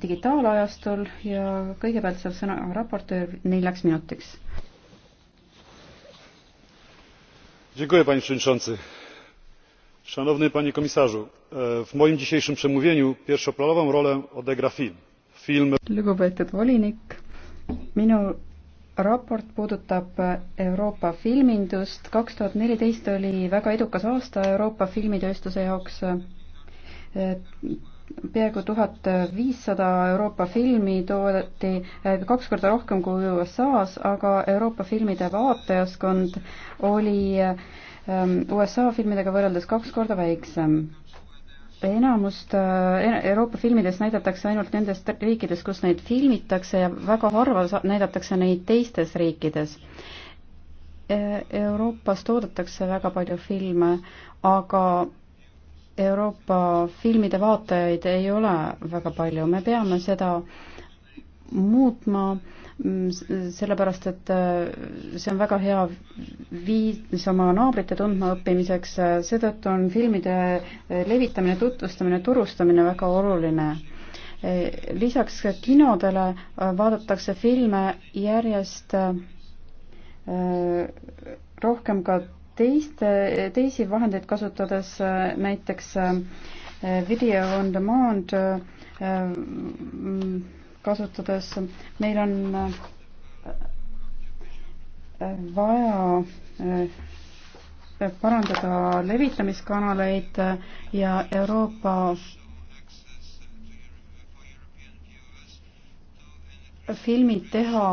digitaalajastul ja kõigepealt saab sõna raportöör neljaks minutiks. Dziękuję panie przewodniczący. Szanowny panie komisarzu, e, w moim dzisiejszym przemówieniu pierwszoplanową rolę odegra film. Film Lugupeetud volinik, minu raport puudutab Euroopa filmindust. 2014 oli väga edukas aasta Euroopa filmitööstuse jaoks e, peaaegu tuhat viissada Euroopa filmi toodeti kaks korda rohkem kui USA-s, aga Euroopa filmide vaatajaskond oli ähm, USA filmidega võrreldes kaks korda väiksem enamust äh, Euroopa filmides näidatakse ainult nendes riikides, kus neid filmitakse ja väga harva näidatakse neid teistes riikides. Äh, Euroopas toodetakse väga palju filme, aga Euroopa filmide vaatajaid ei ole väga palju, me peame seda muutma, mm, sellepärast et äh, see on väga hea viis oma naabrite tundmaõppimiseks, äh, seetõttu on filmide äh, levitamine, tutvustamine, turustamine väga oluline. lisaks kinodele vaadatakse filme järjest rohkem ka teiste, teisi vahendeid kasutades, äh, näiteks äh, video on demand äh, mm, kasutades, meil on vaja parandada levitamiskanaleid ja Euroopa filmid teha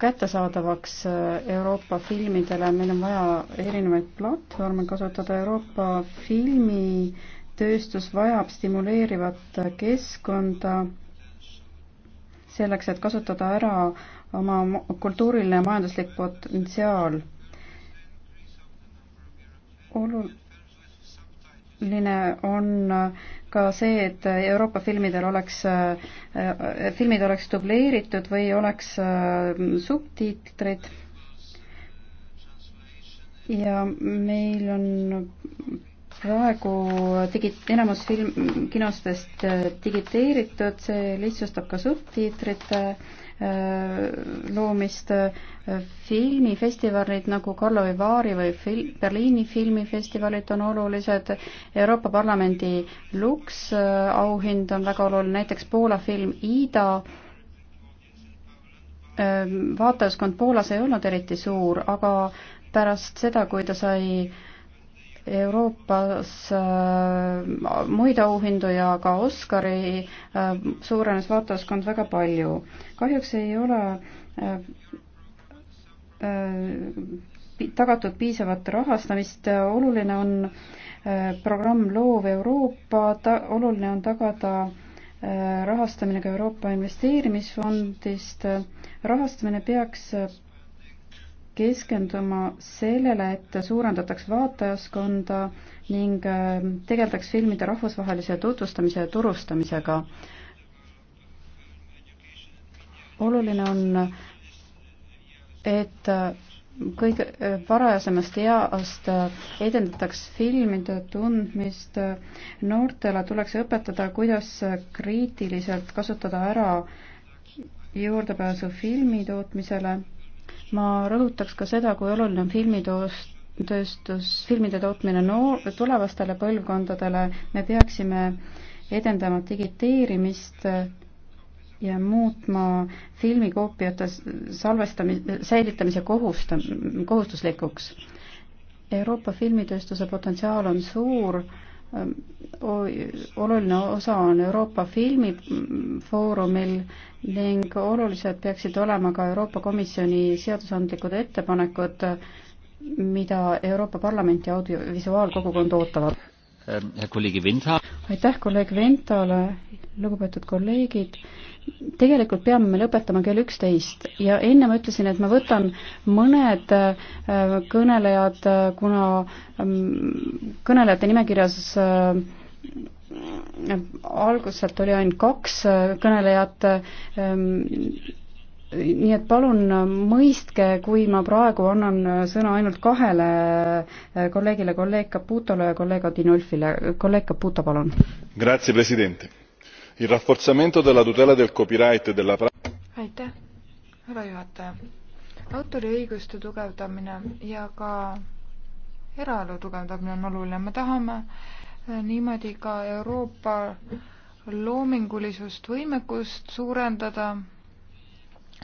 kättesaadavaks äh, Euroopa filmidele, meil on vaja erinevaid platvorme kasutada, Euroopa filmitööstus vajab stimuleerivat keskkonda selleks, et kasutada ära oma kultuuriline ja majanduslik potentsiaal. olul-, oluline on ka see, et Euroopa filmidel oleks, filmid oleks dubleeritud või oleks äh, subtiitrid. ja meil on praegu digi-, enamus film, kinostest äh, digiteeritud, see lihtsustab ka subtiitrite äh, loomist, äh, filmifestivalid nagu Karlovi Vaari või fil-, Berliini filmifestivalid on olulised, Euroopa Parlamendi Lux auhind on väga oluline, näiteks Poola film Ida, ähm, vaatajaskond Poolas ei olnud eriti suur, aga pärast seda, kui ta sai äh, Euroopas äh, muid auhindu ja ka Oscari äh, suurenes vaatajaskond väga palju. kahjuks ei ole äh, tagatud piisavat rahastamist, oluline on programm Loov Euroopa, oluline on tagada rahastamine ka Euroopa Investeerimisfondist. rahastamine peaks keskenduma sellele, et suurendataks vaatajaskonda ning äh, tegeldaks filmide rahvusvahelise tutvustamise ja turustamisega. oluline on, et äh, kõige äh, varajasemast east edendataks filmide tundmist, noortele tuleks õpetada, kuidas kriitiliselt kasutada ära juurdepääsu filmi tootmisele ma rõhutaks ka seda, kui oluline on filmitoost tööstus, filmide tootmine noor, tulevastele põlvkondadele, me peaksime edendama digiteerimist ja muutma filmikoopiate salvestamise, säilitamise kohust-, kohustuslikuks. Euroopa filmitööstuse potentsiaal on suur Ehm, oluline osa on Euroopa filmifoorumil ning olulised peaksid olema ka Euroopa Komisjoni seadusandlikud ettepanekud, mida Euroopa Parlament ja audiovisuaalkogukond ootavad. Ehm, aitäh kolleeg Ventale, lugupeetud kolleegid tegelikult peame me lõpetama kell üksteist ja enne ma ütlesin, et ma võtan mõned äh, kõnelejad, äh, kuna ähm, kõnelejate nimekirjas äh, alguselt oli ainult kaks kõnelejat, ähm, nii et palun mõistke, kui ma praegu annan sõna ainult kahele kolleegile, kolleeg Caputole ja kolleeg Odinolfile. kolleeg Caputo, palun. Grazie, president il rafforzamento della tutela del copyright e della aitäh, härra juhataja. autoriõiguste tugevdamine ja ka eraelu tugevdamine on oluline. me tahame äh, niimoodi ka Euroopa loomingulisust, võimekust suurendada.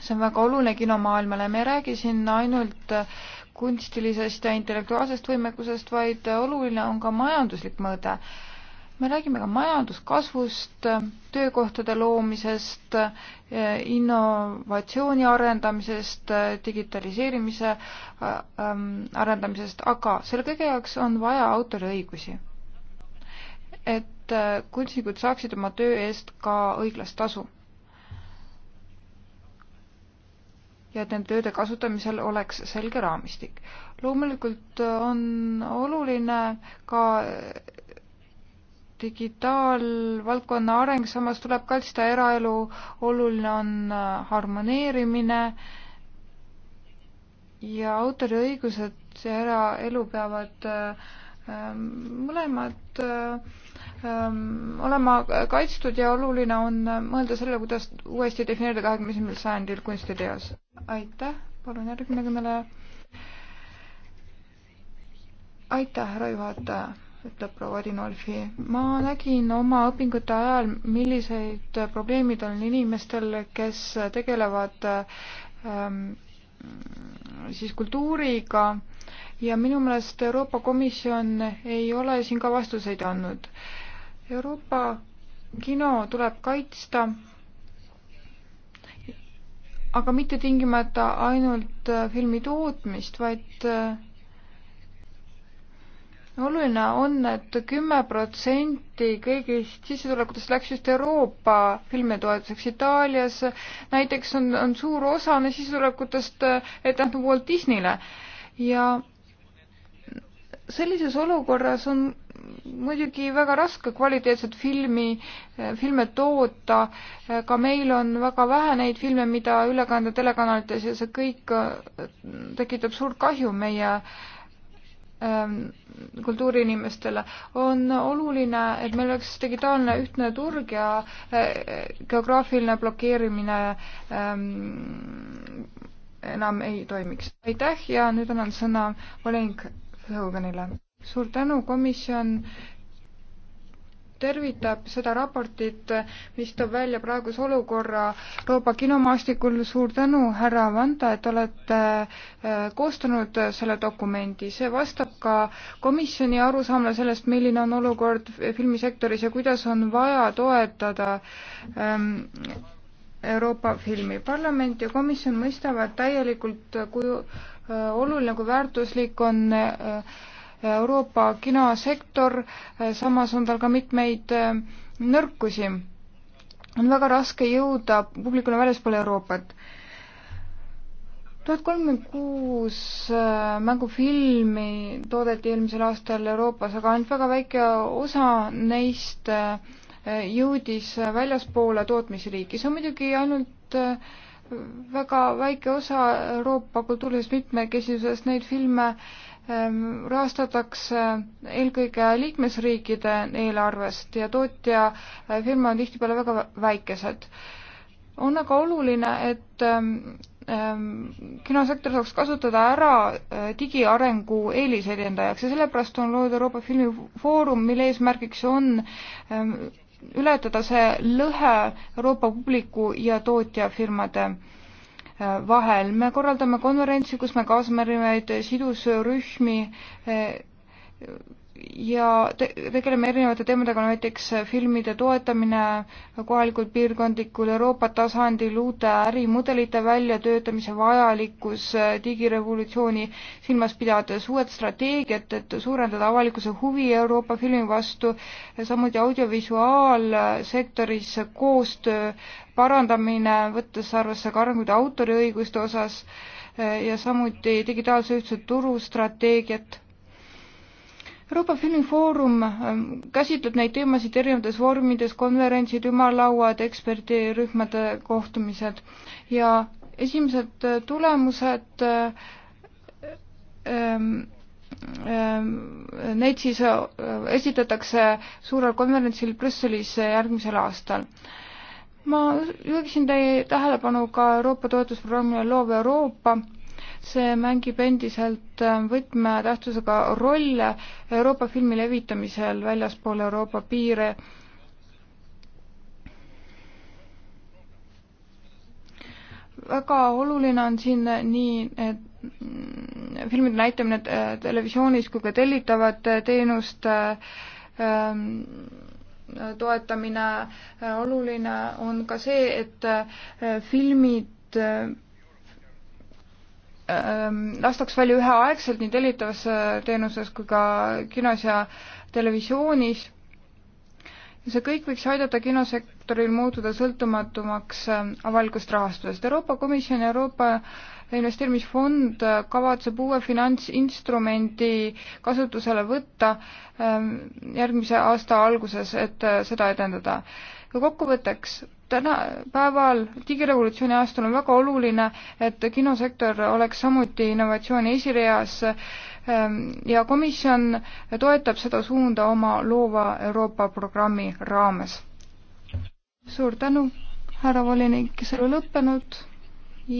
see on väga oluline kinomaailmale. me ei räägi siin ainult äh, kunstilisest ja intellektuaalsest võimekusest, vaid äh, oluline on ka majanduslik mõõde me räägime ka majanduskasvust, töökohtade loomisest, innovatsiooni arendamisest, digitaliseerimise äh, ähm, arendamisest, aga selle kõige jaoks on vaja autoriõigusi. et äh, kunstnikud saaksid oma töö eest ka õiglast tasu. ja et nende tööde kasutamisel oleks selge raamistik. loomulikult on oluline ka digitaalvaldkonna areng, samas tuleb kaitsta eraelu, oluline on äh, harmoneerimine ja autoriõigused ja eraelu peavad äh, ähm, mõlemad äh, ähm, olema kaitstud ja oluline on mõelda selle, kuidas uuesti defineerida kahekümne esimesel sajandil kunstiteos. aitäh, palun järgmine kõneleja. aitäh, härra juhataja ütleb proua Dinolfi. ma nägin oma õpingute ajal, millised probleemid on inimestel, kes tegelevad ähm, siis kultuuriga ja minu meelest Euroopa Komisjon ei ole siin ka vastuseid andnud. Euroopa kino tuleb kaitsta, aga mitte tingimata ainult äh, filmi tootmist, vaid äh, oluline on et, et kümme protsenti kõigist sissetulekutest läks just Euroopa filmitoetuseks. Itaalias näiteks on, on suur osa neist sissetulekutest ette antud Walt Disneyle ja sellises olukorras on muidugi väga raske kvaliteetset filmi, filme toota, ka meil on väga vähe neid filme, mida üle kanda telekanalites ja see kõik äh, tekitab suurt kahju meie äh, Ähm, kultuuriinimestele, on oluline, et meil oleks digitaalne ühtne turg ja äh, geograafiline blokeerimine ähm, enam ei toimiks. aitäh ja nüüd annan sõna Olenk Hõuganile. suur tänu, komisjon tervitab seda raportit, mis toob välja praeguse olukorra Euroopa kinomaastikul. suur tänu, härra Vanda, et olete äh, koostanud selle dokumendi. see vastab ka komisjoni arusaamale sellest, milline on olukord filmisektoris ja kuidas on vaja toetada ähm, Euroopa filmi. parlament ja komisjon mõistavad täielikult, kui äh, oluline, kui väärtuslik on äh, Euroopa kinosektor, eh, samas on tal ka mitmeid eh, nõrkusi. on väga raske jõuda publikule väljaspool Euroopat. tuhat kolmkümmend kuus eh, mängufilmi toodeti eelmisel aastal Euroopas, aga ainult väga väike osa neist jõudis väljaspoole tootmisriiki, see on muidugi ainult väga väike osa Euroopa kultuurilisest mitmekesisusest, neid filme äh, Ehm, rahastatakse eelkõige liikmesriikide eelarvest ja tootjafirma on tihtipeale väga väikesed. on aga oluline, et ehm, ehm, kinosektor saaks kasutada ära eh, digiarengu eelisedendajaks ja sellepärast on loodud Euroopa Filmifoorum, mille eesmärgiks on ületada see lõhe Euroopa publiku ja tootjafirmade vahel. me korraldame konverentsi, kus me kaasame erinevaid sidusrühmi eh, ja te tegeleme erinevate teemadega, näiteks filmide toetamine kohalikul piirkondlikul Euroopa tasandil, uute ärimudelite väljatöötamise vajalikkus digirevolutsiooni silmas pidades, uued strateegiad, et suurendada avalikkuse huvi Euroopa filmi vastu, samuti audiovisuaalsektoris koostöö parandamine, võttes arvesse ka arenguid autoriõiguste osas ja samuti digitaalse ühtse turu strateegiat Euroopa Filmifoorum ähm, käsitleb neid teemasid erinevates vormides, konverentsid, ümarlauad, eksperdirühmade kohtumised ja esimesed äh, tulemused äh, ähm, ähm, Neid siis äh, esitatakse suurel konverentsil Brüsselis järgmisel aastal. ma juhiksin teie tähelepanu ka Euroopa toetusprogrammile Loov Euroopa see mängib endiselt äh, võtmetähtsusega rolle Euroopa filmi levitamisel väljaspool Euroopa piire. väga oluline on siin nii mm, filmide näitamine äh, televisioonis kui ka tellitavate äh, teenuste ähm, toetamine, oluline on ka see, et filmid Ähm, lastaks välja üheaegselt nii tellitavas äh, teenuses kui ka kinos ja televisioonis. see kõik võiks aidata kinosektoril muutuda sõltumatumaks ähm, avalikust rahastusest. Euroopa Komisjon ja Euroopa investeerimisfond kavatseb uue finantsinstrumendi kasutusele võtta ähm, järgmise aasta alguses, et äh, seda edendada. ja kokkuvõtteks, tänapäeval digirevolutsiooni aastal on väga oluline, et kinosektor oleks samuti innovatsiooni esireas ähm, ja komisjon toetab seda suunda oma loova Euroopa programmi raames. suur tänu, härra volinik, see on lõppenud